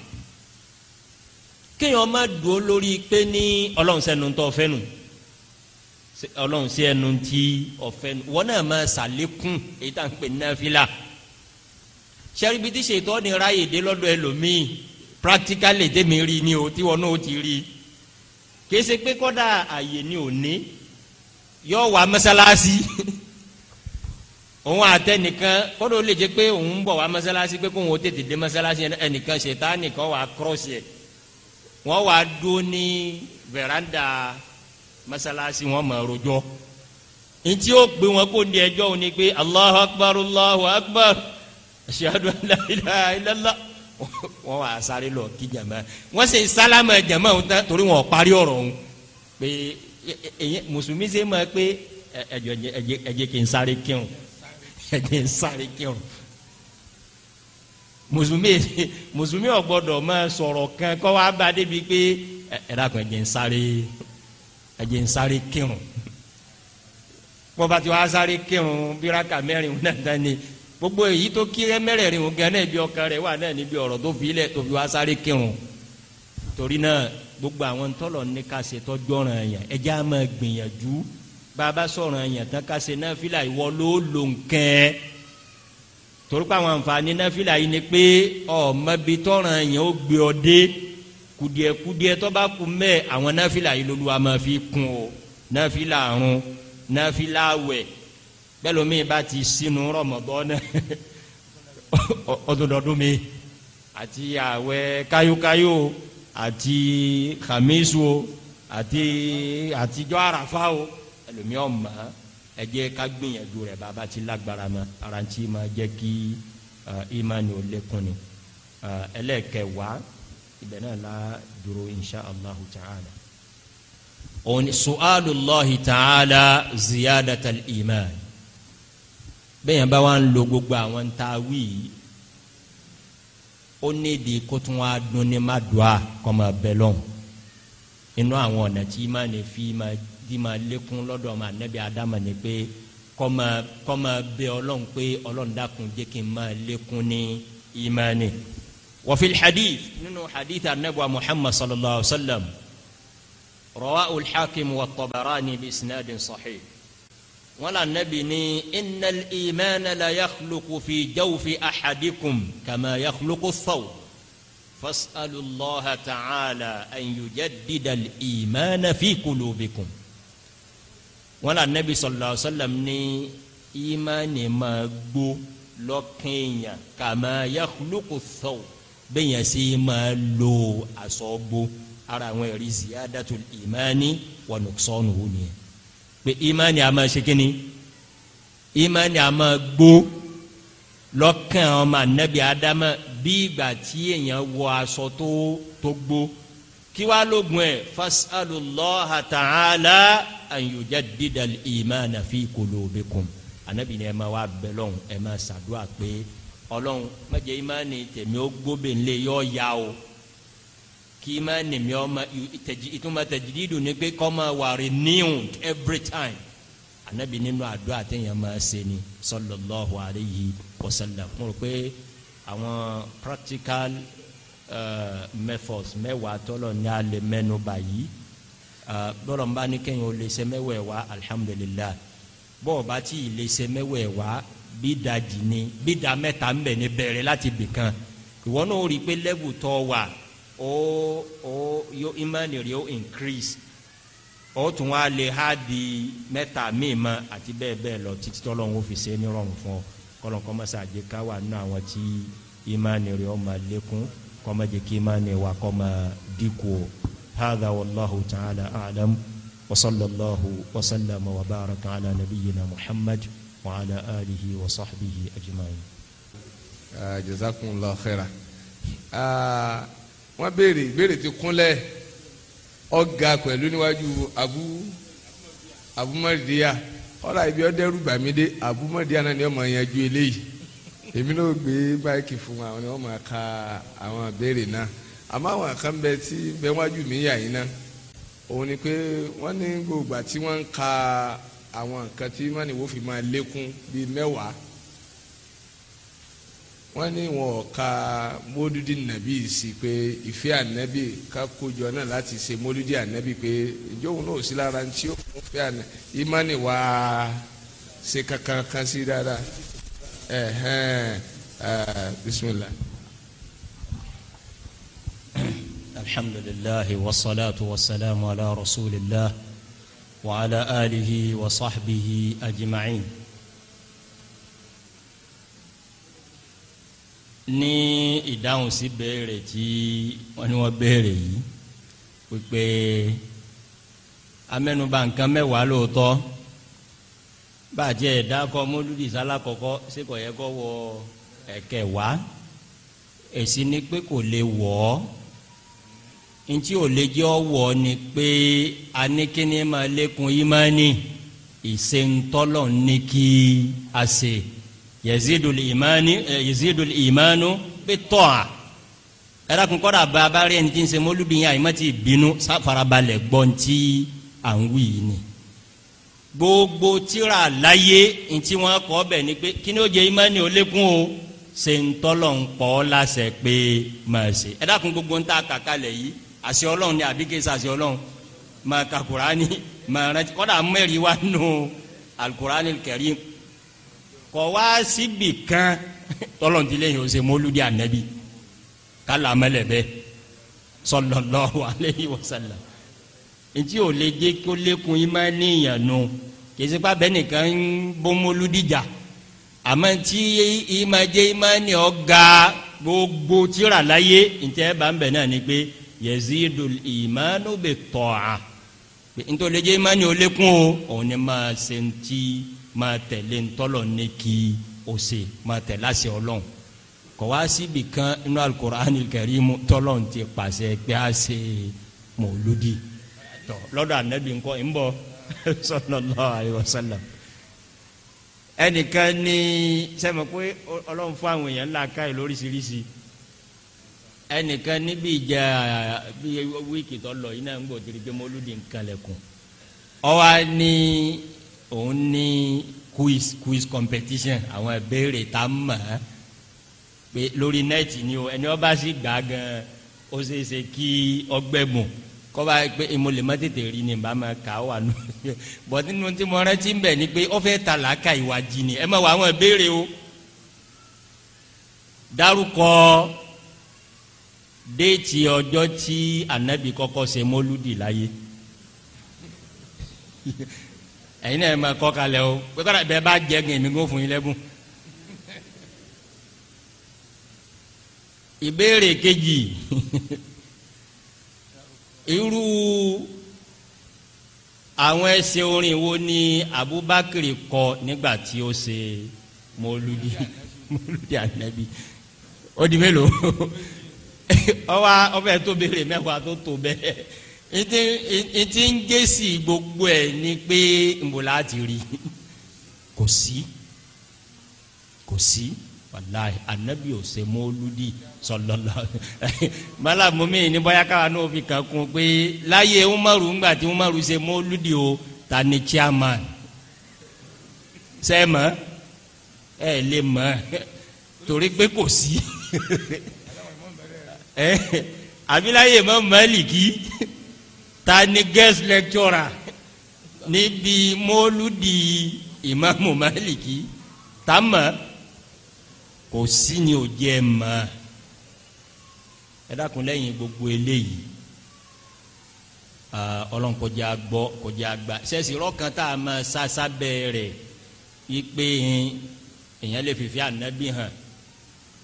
A: kéèyàn má dúró lórí pé ní ọlọ́run sẹ́nu tó ọ̀fẹ́ nù ọlọ́run sí ẹnu tí ọ̀fẹ́ nù wọ́n náà máa ṣàlékún èyí tá à ń pè ní náfìlà sẹ́ríbi ṣètò ni ráyè dé lọ́dọ̀ ẹlòmíì practically tèmi rí ni o tí wọn náà ti rí kì í ṣe pé kọ́dà àyè ni ò ní yọ wà mọ́sálásí òun àtẹnìkan kọ́dọ̀ ó lè jẹ́ pé òun ń bọ̀ wá mọ́sálásí pé kóun ó tètè dé mọ́sálásí ẹnìkan ṣètá nìkan wà cross yẹn wọ́n wá dó ní veranda masalasi wọ́n máa rojọ́ ntí ó gbé wọn kó ní ẹjọ́ òní pé allahu akbar allahu akbar ashhadu an la ilaha illallah wọ́n wá sáré lọ kí jama wọ́n sì sálámà jama òun tán torí wọ́n parí ọ̀rọ̀ òun pé mùsùlùmí ṣe máa pé ẹjẹ kí n sáré kírun ẹjẹ kí n mùsùlùmí mùsùlùmí ò gbọ́dọ̀ máa sọ̀rọ̀ kan kọ́ wa bá débi pé ẹ dàkún ẹ jẹ́ ń sáré ẹ jẹ́ ń sáré kírun bọ́ba tí wàá sáré kírun bíraka mẹ́rin náà ni gbogbo èyí tó kíré mẹ́rẹ̀ẹ̀rin òun gan náà ibi ọkàn rẹ̀ wà náà níbi ọ̀rọ̀ tó fi ilẹ̀ tó fi wàá sáré kírun torí náà gbogbo àwọn tọ́lọ̀ ní ká ṣe tọ́jọ́ ràn yàn ẹjẹ́ á gbìyànjú bàbá sọ̀rọ̀ yàn tán ká ṣe náà fílà ìwọ ló lò ń kẹ́ ẹ́ torúkọ àwọn àǹfààní náfìlà yìí ni pé ọmọbi tọràn yẹn ó gbé ọ dé kùdìẹ̀kùdìẹ̀ tó bá kú mẹ́ àwọn náfìlà yìí lolúwa máa fi kún o náfìlà àrùn náfìlà àwẹ̀ bẹ́ẹ̀ lómi bá ti sínú rọ̀mọ̀bọ́ náà ọdọdọdún mi àti àwẹ̀ káyókáyó àti hamisu àti àtijọ́ àràfà o ẹlòmíọ̀ mọ́ ẹ jẹ́ ká gbìyànjú rẹ̀ bàbá tí lágbára ma ara ń tí ma jẹ́ kí ìmánu lékún ni ẹlẹ́ẹ̀kẹwàá ibẹ̀ náà la dúró insha allahu ta'ala òun su'alullahi ta'ala ziyadatal iman bẹ́ẹ̀ yẹn bá wà ń lo gbogbo àwọn ntaawi ó ní di kó tún wá dún ní má kọ́ máa bẹ̀ lọ́hùn inú àwọn ọ̀nà tí ìmánu fi máa tí ma lékún lọ́dọ̀ ma nẹ́bí adama ni pé kọ́mọ kọ́mọ bẹ ọlọ́run pé ọlọ́run dákun jẹ́ kí n ma lékún ní ìmánì. وفي الحديث ننو حديث النبوة محمد صلى الله عليه وسلم رواه الحاكم والطبراني بإسناد صحيح ولا النبي ني إن الإيمان لا يخلق في جوف أحدكم كما يخلق الثوب فاسألوا الله تعالى أن يجدد الإيمان في قلوبكم wọn là nẹ́bí sallallahu sallam ní ìmánì máa gbó lọ́kàn èèyàn kama yakhluqu thaw bẹ́yẹn sì máa lo aṣọ gbó ara àwọn ẹ̀rí ziyadatul ìmánì wa nuqsanuhu nìyẹn pé ìmánì a máa ṣe kínní ìmánì a máa gbó lọ́kàn ọmọ anabi adama bí ìgbà tí èèyàn wọ aṣọ tó tó gbó kí wàá lóògùn ẹ̀ fasalullaha ta'ala an yujaddida al-imana fi qulubikum anabi ni ẹ ma wá bẹ Ọlọ́hun ẹ ma ṣàdúrà pé Ọlọ́hun má jẹ́ ìmánì tèmi ó gbóbe ńlẹ̀ yọ ya o kí ìmánì mi ọ ma ìtumọ̀ tajdidu ni pé kó ma wà renewed every time anabi nínú àdúrà téèyàn máa ṣe ni sallallahu alayhi wa sallam mo pé àwọn practical uh, methods mẹ́wàá tọ́lọ̀ ní alẹ́ mẹ́nu báyìí bọ́lọ̀ ń bá ní kẹ́yìn ó lè ṣe mẹ́wẹ̀ẹ́ wá alihamudulilayi bọ́ọ̀ bá tí ì lè ṣe mẹ́wẹ̀ẹ́ wá bídà jì ni bídà mẹ́ta ń bẹ̀ ní bẹ̀rẹ̀ láti bì kan ìwọ náà ó rí i pé lẹ́bù tọ́ wà ó ó yó ìmánì rẹ̀ ó increase ó tún wá lè há di mẹ́ta míì mọ́ àti bẹ́ẹ̀ bẹ́ẹ̀ lọ títí tọ́lọ́run ó fi ṣe é nírọ̀rùn fún ọ kọ́lọ́n kọ́ mọ́ ká wà nínú àwọn tí ìmánì rẹ̀ ó máa lékún kọ́ kí ìmánì wa kọ́ dínkù o. هذا والله تعالى أعلم وصلى الله وسلم وبارك على نبينا محمد
B: وعلى آله وصحبه أجمعين آه جزاكم الله خيرا آه wọ́n béèrè béèrè ti kúnlẹ̀ ọ̀gá pẹ̀lú níwájú abu abumadiya ọ̀rọ̀ ibi ọ̀dẹ́rù gbàmídé abumadiya náà ni ọmọ yẹn ju eléyìí èmi náà gbé báyìí kì fún wa ni wọ́n máa àwọn béèrè náà àmọ́ àwọn kan bẹ tí bẹ wájú mi yà yín náà òun ni pé wọ́n ní gbogbo àti wọ́n ń ka àwọn nǹkan tí wọ́n ní wọ́n fi máa lékún bíi mẹ́wàá wọ́n ní wọn ò ka mólúdì nàbí sí pé ìfẹ́ ànábì ká kójọ náà láti ṣe mólúdì ànábì pé ìjọ òun náà ò sí lára tí ó fún fẹ́ ànábì ìmánì wá ṣe kankan kan sí dáadáa ẹ̀hẹ́n bisimilahi.
A: الحمد لله والصلاة والسلام على رسول الله وعلى آله وصحبه أجمعين ní ìdáhùn sí béèrè tí wọ́n ní wọ́n béèrè yìí pípé amẹ́nubà nǹkan mẹ́wàá lóòótọ́ bàjẹ́ ìdákọ mọ́lúdì sálákọ̀ọ́kọ́ síkọ̀ yẹ kọ́ wọ ẹ̀kẹ́ wá èsì ni pé kò lè wọ̀ ọ́ ntí ò lè jẹ́ ọ̀wọ́ ni pé anikini máa lékun imani ìsentọ́lọ̀ ní kí a ṣe yazidul imani eh, yazidul imanu bí tọ́ a ẹ̀rọ kun kọ́ra bá a bá rí ẹni tí ń ṣe mọ́lúbi yẹn àyìnbá ti bínú sáfarabalẹ̀ gbọ́ ntí à ń wí yìí ni gbogbo tíra láyé ntí wọn kọ́ bẹ̀ ni pé kí ni ó jẹ́ imani ó lékun o ṣe ń tọ́lọ̀ ń pọ̀ ọ́ láṣẹ pé máa ṣe ẹ̀rọ gbogbo ń ta kàkálẹ̀ yìí àṣẹ ọlọ́run ni àbí kéésì àṣẹ ọlọ́run máa ka kurani máa rántí kọ́dà mẹ́rin wa nù alukurani karim kọ́ wá síbi kan tọ́lọ̀ntìlẹ̀ yìí ó ṣe mọ́lúdi ànábì kálá mẹ́lẹ̀ bẹ́ẹ̀ sallallahu wa sallam ntí o lè dé kó lékun yìí máa níyàn nù kèsì pa bẹ́ẹ̀ nìkan ń bọ́mọlúdìjà àmọ́ ntí yìí máa jẹ́ yìí máa ní ọ̀gá gbogbo tíra láyé ntẹ́ bá ń bẹ̀ náà ni pé. Yezidul imanu bi ta'a nítorí jẹ́ ìmánu olékún o òun ni máa ṣe ń tí máa tẹ̀lé ńtọ́lọ̀ ní kí o ṣe máa tẹ̀lé àṣẹ ọlọ́run kọ̀ wá kan inú alukur'an karim tọ́lọ̀ ti pàṣẹ pé a ṣe mọ̀lúdì tọ̀ lọ́dọ̀ ànábì ńkọ́ ń bọ̀ sallallahu alaihi wasallam ẹnìkan ní sẹ́mi pé ọlọ́run fún àwọn èèyàn ńlá káyọ̀ lóríṣiríṣi ẹnìkan níbi ìjà bí wíìkì tó lọ yìí náà ń gbọ́ tiri mọ́lúdì nǹkan ọwọ́ ní òun ní quiz quiz competition àwọn ìbéèrè tá a mọ̀ ẹ́ pé lórí nẹ́ẹ̀tì ni o ẹni ọba sì gbà gan ó ṣe é ṣe kí ọgbẹ́ bùn kọ́ba pé mo lè má tètè rí ni bàá máa kà á wà nù bọ́ nínú tí mo rántí ń bẹ̀ ni pé ó fẹ́ ta làákà ìwà jìnnì ẹ má wọ àwọn ìbéèrè o dárúkọ déètì ọjọ́ tí anabi kọ́kọ́ ṣe mọ́lúdì láyé ẹ̀yin náà máa kọ́ kalẹ̀ o pé kọ́ra bẹ́ẹ̀ bá jẹ́ gẹ̀ mí gún fún yín lẹ́bùn. ìbéèrè kejì irú àwọn ẹsẹ̀ orin wo ni Abubakar kọ nígbà tí ó ṣe mọ́lúdì mọ́lúdì anabi ó di mélòó ọwọ́ ọbẹ̀ tó béèrè mẹ́wàá tó tó bẹ́ẹ̀ ètí ń gé sí gbogbo ẹ̀ ni pé nbọ̀lá ti rí kò sí kò sí wàláyé anabi ò ṣe mọ́lúdì sọlọlọ mọ́lá mọ́mí ní bóyá káwa náà fi kàn kún pé láyé umaru ńgbà tí umaru ṣe mọ́lúdì o ta ni chairman sẹ́mọ̀ ẹ lè mọ̀ torí pé kò sí ẹ eh, abilaye mọ maliki ta ni guest lecturer níbi mọ́lúdi ìmáàmù maliki ta mọ̀ kò sí ni ò jẹ́ mọ́ ẹ dákun lẹ́yìn gbogbo eléyìí ah, ọlọ́run kọjá gbọ́ kọjá gbà sẹ́sì rọ́ọ̀kan tá a mọ̀ sásábẹ́ rẹ̀ yí pé èèyàn lè fìfẹ́ ànábì hàn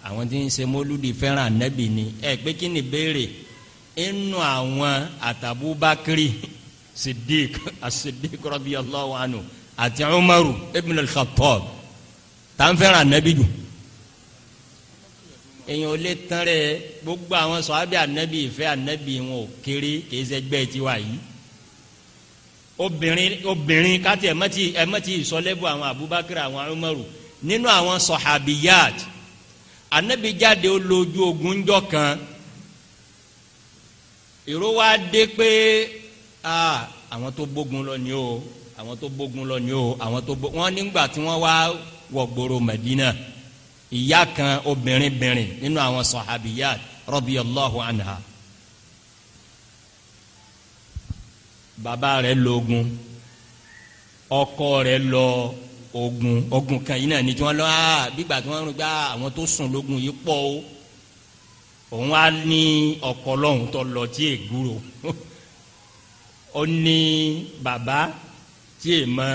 A: àwọn tí ń ṣe mọ́lúdi fẹ́ràn ànábì ni ẹ pé kí ni béèrè inú àwọn àtàbúbákiri sidik asidik radiyallahu anhu àti umaru ibn al-khattab tá ń fẹ́ràn ànábì jù èyàn ò lè tán rẹ gbogbo àwọn sọ̀hábì ànábì ìfẹ́ ànábì wọn ò kéré kìí ṣe gbẹ́ tiwa yìí obìnrin obìnrin káti ẹ̀ mọ́tì ẹ̀ mọ́tì ìsọlẹ́bù àwọn abubakar àwọn umaru nínú àwọn sọ̀hábìyàtì anabi jáde ó lójú ogun jọ kan èrò wa dé pé àwọn tó bógun lọ ni o àwọn tó bógun lọ ni o àwọn tó bógun wọn nígbà tí wọn wá wọ gbòòrò Medina ìyá kan obìnrin bìnrin nínú àwọn sọ̀hábìyà radiyallahu anha bàbá rẹ̀ lógun ọkọ rẹ̀ lọ. Lo ogun ogun kan yìí náà ni tí wọ́n lọ aa ah, bígbà tí wọ́n gba àwọn tó sùn lógun yìí pọ̀ o òun á ní ọ̀pọ̀lọ́hún tó lọ tí è gbúrò ó ní bàbá tí è mọ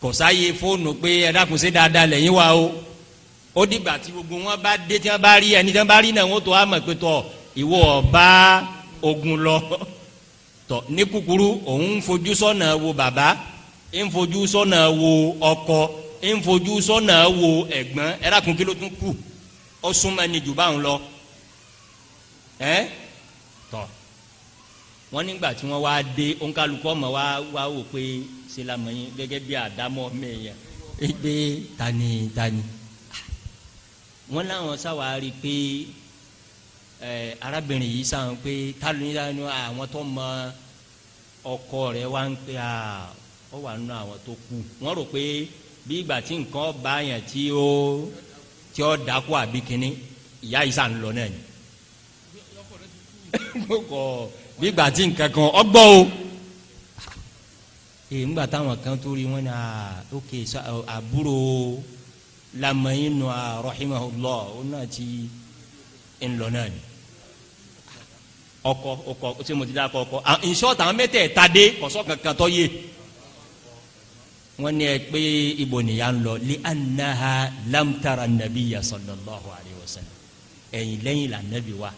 A: kò sáyé fóònù pé ẹ dákun ṣe dáadáa lẹ́yìn wa o ó dìgbà tí gbogbo wọn bá dé tí wọn bá rí ẹni tí wọn bá rí náà wọn tó wá pé tọ ìwọ ọba ogun lọ tọ ní kúkúrú òun fojú sọ́nà wo bàbá ń fojú sọ́nà wo ọkọ ń fojú sọ́nà wo ẹ̀gbọ́n ẹ̀rákùn kí ló tún kù ó súnmọ́ ẹni jù báwọn lọ ẹ́ tọ̀ wọ́n nígbà tí wọ́n wá dé ònkálukọ́ ọmọ wa wá wò pé ṣe la mọ̀ yín gẹ́gẹ́ bí àdámọ́ mẹ́yẹn pé tani tani wọ́n láwọn sáwárí pé ẹ arábìnrin yìí sàn pé tálóyún àwọn tó mọ ọkọ rẹ̀ wá ń pè á ọ wà nù àwọn tó kù wọ́n rò pé bí ìgbà tí nǹkan bá yàn tí ó tí ó dákú àbí kínní ìyá yìí sàn lọ náà ni kò bí ìgbà tí nǹkan kan ọgbọ́ o èyí ńgbà táwọn kan tó rí wọn ni ok àbúrò lamẹ́yìn nù rahimahullah náà ti ń lọ náà ni ọkọ ọkọ ṣé mo ti dá kọ ọkọ ìṣọ́ta mẹ́tẹ̀ẹ̀ta dé kọ̀sọ́ kankan tọ́ yé wọ́n ní ẹ pé ibo nìyà ń lọ li annaha lam tara nabiyya sallallahu alayhi wa sallam ẹ̀yìn lẹ́yìn la nabi wa.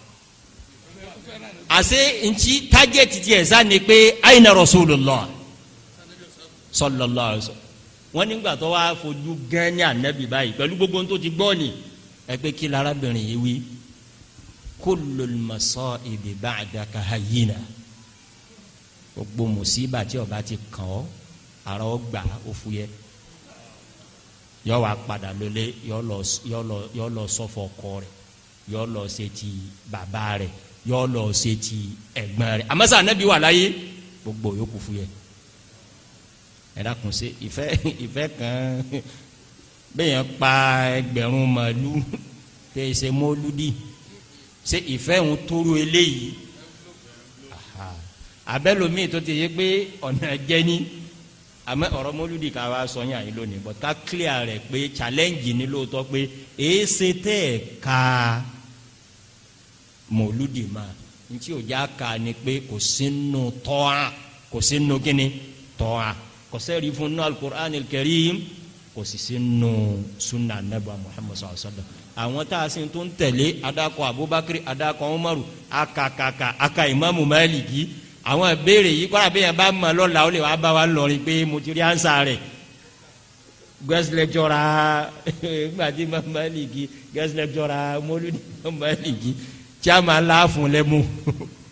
A: àṣé ntí tájẹ́tì tiẹ̀ sá ni pé aina rasulullah sallallahu alayhi wa sallam. nígbà tó wá fojú gán ní anabi báyìí pẹ̀lú gbogbo tó ti gbọ́ ni ẹ pé kí larabirin yìí wí. kullul masaibi ba'daka hayyina gbogbo musiba tí ó ti kàn ọ́ ara ọgbà òfuyẹ yọ wá padà lọlé yọ lọ yọ lọ yọ lọ sọfọ ọkọ rẹ yọ lọ ṣe ti bàbá rẹ yọ lọ ṣe ti ẹ̀gbọ́n rẹ amasa anabi wà láyé gbogbo yòókù fuyẹ ẹ̀dá kun ṣe ìfẹ́ ìfẹ́ kan bẹ́ẹ̀ pa ẹgbẹ̀rún màálù tẹ̀ ṣe ṣe ìfẹ́ òun tóru eléyìí abẹ́lómi tó ti yé pé ọ̀nà jẹ́ni àmọ́ ọ̀rọ̀ mọ́lúdì ká wá sọ yàn yín lónìí bọ́ ká clear rẹ̀ pé challenge ni lóòótọ́ pé èé ṣe tẹ́ ẹ̀ ka mọ́lúdì máa ntí o já ka ni pé kò sínú tọ́a kò sínú kíni tọ́a kò sẹ́ẹ̀rì fún nínú alukur'an kẹrìm kò sì sínú sunna nebo muhammad sallallahu alaihi àwọn tá a sin tó ń tẹ̀lé adakọ̀ abubakar adakọ̀ umaru akakaka aka imaamu maliki àwọn ìbéèrè yìí kọ́ra bẹ́ẹ̀ bá mọ̀ lọ́la ó lè wá bá wa lọ́rin pé mo ti rí ansa rẹ̀ guest lecturer gbàdí mamaliki guest lecturer mọ́lúdi mamaliki tí a máa la fún lẹ́mu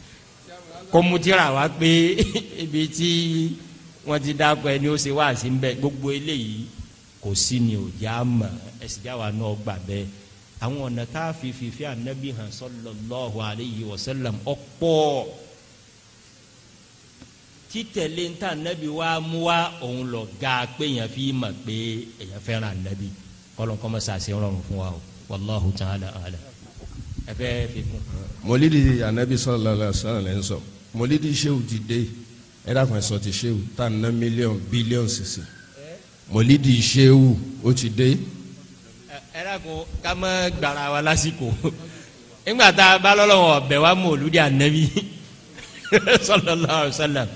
A: kó mu ti ra wa pé ibi tí wọ́n ti dákọ̀ ẹni ó ṣe wá sí ń bẹ gbogbo eléyìí kò sí ni ò já mọ̀ ẹ̀sìn jáwa náà gbà bẹ́ẹ̀ àwọn ọ̀nà tá a fi fìfì ànábì hàn sallallahu alayhi wa sallam ọ̀pọ̀ títẹ̀lé ntá nẹ́bi wá mú wá òun lọ ga pé èèyàn fi mọ̀ pé èèyàn fẹ́ràn nẹ́bi kọ́lọ́n kọ́ mọ́ sàṣẹ rọrùn fún wa o wàláhu ta'ala ala ẹ fẹ́ fi
B: kún. mọ̀lídì anabi sallallahu alaihi wasallam ń sọ mọ̀lídì sehu ti dé ẹ dàkùn ẹ̀sọ́ ti sehu tá ná mílíọ̀n bílíọ̀n sisi mọ̀lídì sehu ó ti dé.
A: ẹ dàkùn ká mọ́ gbàrà wa lásìkò ńgbà tá a bá lọ́lọ́wọ́ ọ̀bẹ wa mọ̀lúdì anabi sallallahu alaihi wasallam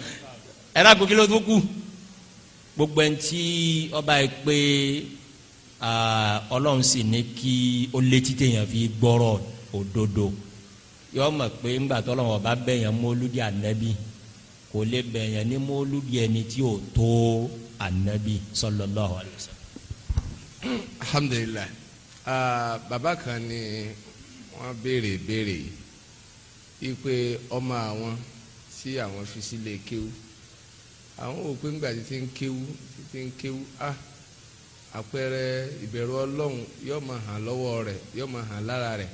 A: ẹ bá gbókè ló tó kù gbogbo ẹni tí ọba yìí pé ọlọ́run sì ní kí ó létí téèyàn fi gbọ́rọ̀ òdodo yọ mọ̀ pé ńgbà tó lọ́wọ́ ọba bẹ̀yàn mọ́lúdì ànábì kò lè bẹ̀yàn ní mọ́lúdì ẹni tí ò tó ànábì sallallahu alaihi wasallam.
B: alhamdulilayi baba kan ni wọn béèrè béèrè yìí pé ọmọ àwọn tí àwọn fi sílé kéwù àwọn òpé ńgbà títí ń kéwú títí ń kéwú á ah, àpẹẹrẹ ìbẹ̀rù ọlọ́run yóò máa hàn lọ́wọ́ rẹ̀ yóò máa hàn lára rẹ̀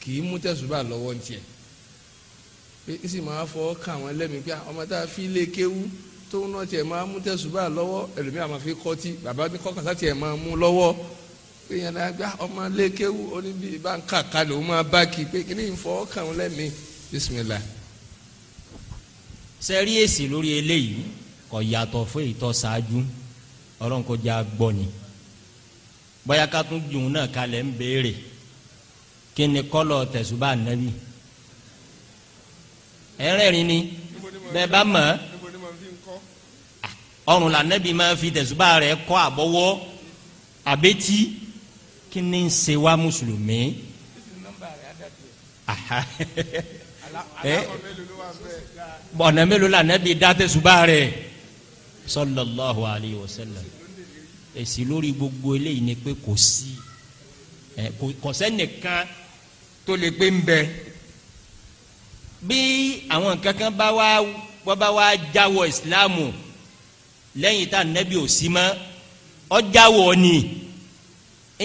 B: kì í mú tẹ̀sùbà lọ́wọ́ ń tiẹ̀ pé ń sì máa fọwọ́ kà wọ́n lẹ́mìí pé ah, ọmọ tá a fi lé kéwú tó ń náà tiẹ̀ máa mú tẹ̀sùbà lọ́wọ́ ẹlòmíà máa fi kọ́tí bàbá mi kọ́kà sá tiẹ̀ máa mú lọ́wọ́ pé yẹn náà gbá ah, ọmọ lé kéwú oníbi bá ń kà kalẹ̀ ó máa bá kí pé kí ni ìfọwọ́ Bismillah. sẹ́rí èsì lórí
A: kò yàtọ̀ fún èyí tó ṣáájú ọlọ́run kò já gbọ́ ni bóyá ká tún jùun náà kalẹ̀ ń béèrè kí ni kọ́lọ̀ tẹ̀sùbà nàbí ẹ̀rẹ́rìn ni bẹ́ẹ̀ bá mọ̀ ọrùn là nàbí máa fi tẹ̀sùbà rẹ̀ kọ́ àbọ̀wọ́ àbẹ́tí kí ni ń ṣe wá mùsùlùmí ọ̀nà mélòó là nàbí dá tẹ̀sùbà rẹ̀ sallallahu alayhi wa sallam èsì lórí gbogbo eléyìí ni pé kò sí ẹ kò sẹ́nìkan tó lè gbé ń bẹ bí àwọn kankan bá wá wọ́n bá wá jáwọ́ ìsìláàmù lẹ́yìn tá nẹ́bí ò sí mọ́ ọjàwọ̀ ni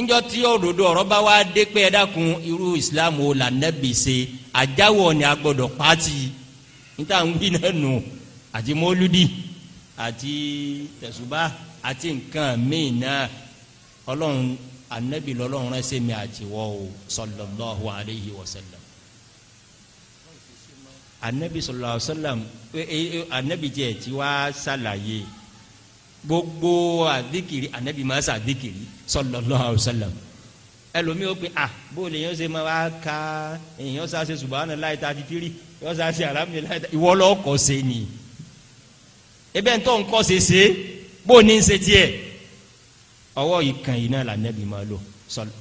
A: ńjọ́ tí òdodo ọ̀rọ̀ bá wá dé pé ẹ dákun irú ìsìláàmù ò là nẹ́bí ṣe àjáwọ̀ ni a pàtì níta ń bí náà nù àti mọ́lúdì. No àti tẹ̀sùbá àti nǹkan míì náà ọlọ́run anabi lọ́lọ́run rẹ̀ sẹ́mi àtiwọ́ o sallallahu alayhi wa sallam anabi sallallahu alayhi wa sallam anabi e, e, e, jẹ́ ti wá sàlàyé gbogbo àdìkìrì anabi máa sà àdìkìrì sallallahu alayhi wa sallam ẹlòmíì ó pe ah bó lè yàn ṣe máa wá ka èèyàn ṣáṣe subhanallahi thirty three yàn ṣáṣe alhamdulillahi ìwọ lọ́kọ̀ ṣe nìyí ebe ntọ nkọ sese bó ní ṣe tiẹ̀ ọwọ́ ìkànnì náà la nẹbi máa lò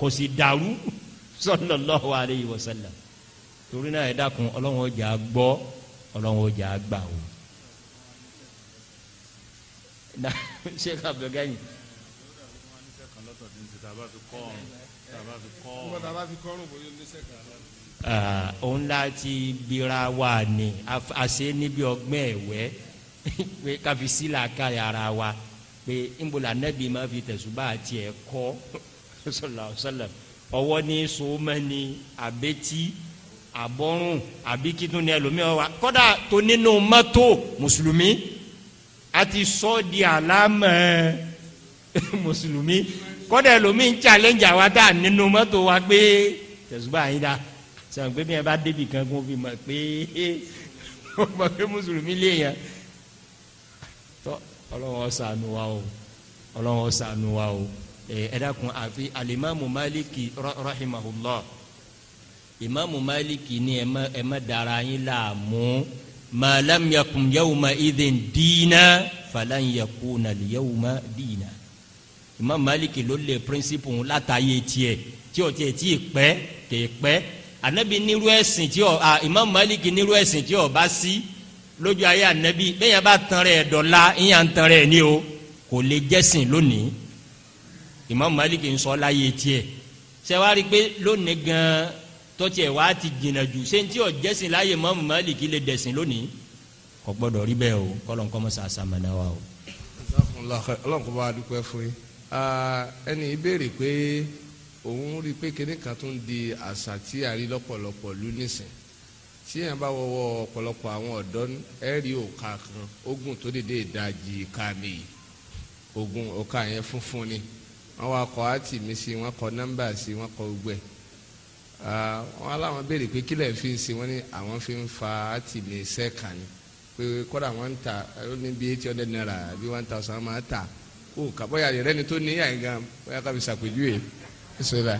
A: kò sì dàrú sallallahu alayhi wa sallam torí náà ẹ dákun Ọlọ́run ọjà gbọ́ Ọlọ́run ọjà gbà o na ṣe ká bẹ gẹyìn. òun láti bira wa ni àṣẹ níbi ọgbẹ́ ẹ̀wẹ́ pé káfi sílà ká yàrá wa pé ńbọ̀lá nẹ́bí máa fi tẹ̀sùbà tiẹ̀ kọ́ sallallahu alaihi wasallam ọwọ́ ní sọ́mẹ́ni àbẹ́tí àbọ̀rùn àbí kíntun ni ẹlòmíràn wa kọ́dà tó nínú mọ́tò mùsùlùmí a ti sọ di àlámẹ́ mùsùlùmí kọ́dà ẹlòmíràn challenge àwa tá nínú mọ́tò wa pé tẹ̀sùbà yín dá sàn pé bí ẹ bá débi kan kó fi mọ̀ pé mọ̀ pé mùsùlùmí lè yàn ọlọ́run ó ṣàánú wa o ọlọ́run ó ṣàánú wa o ẹ dákun àfi alimami maliki rahimahullah imamu maliki ni ẹ má dara yín láàmú malam yakun yawma idin diina falan yakuna yawma diina imamu maliki ló lè principe ń látàyè tiẹ̀ tí o tiẹ̀ tí pẹ́ kè pẹ́ anabi nírú ẹ̀sìn tí o a imamu maliki nírú ẹ̀sìn tí o bá sí. Si lójú ayé ànábì bẹ́ẹ̀ bá tan rẹ̀ dọ̀la ìyá ń tan rẹ̀ ni o kò lè jẹ́sìn lónìí Imam Malik ń sọ láyé tiẹ̀ sẹ́wárí pé lónìí gan tọ́tí ẹ̀ wá ti jìnnà jù sẹ́ńtì ọ̀ jẹ́sìn láyé Imam Malik lè dẹ̀sìn lónìí kò gbọ́dọ̀ rí bẹ́ẹ̀ o kọ́lọ́n kọ́ mọ́ sá sàmánà wa o.
B: ọlọ́run kò bá a dúpẹ́ fún yín ẹni ìbéèrè tí yẹn bá wọwọ ọ̀pọ̀lọpọ̀ àwọn ọ̀dọ́ ẹ rí òkà kan ogun tó dédé ìdajì ìka mi ogun òkà yẹn funfun ni wọ́n wá kọ àti mi sí wọ́n kọ nọ́mbà sí wọ́n kọ gbẹ wọ́n aláwọn béèrè pé kílẹ̀ fi ń ṣe wọ́n ní àwọn fi ń fa àti mi sẹ́ẹ̀kà ni pé kọ́dà wọ́n ń ta ní bíi eight hundred naira bíi one thousand máa ta òkà bóyá rẹ̀ ni tó ní yàrá gan bóyá ká fi ṣàpèjúwe ṣọlá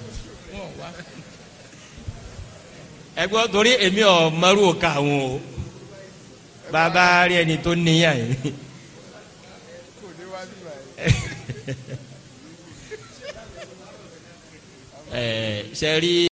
B: ẹgbẹ́
A: torí èmi ọ̀ mọ́rú òkà àwọn o bàbá rí ẹni tó níyà yìí. ẹ ṣe rí.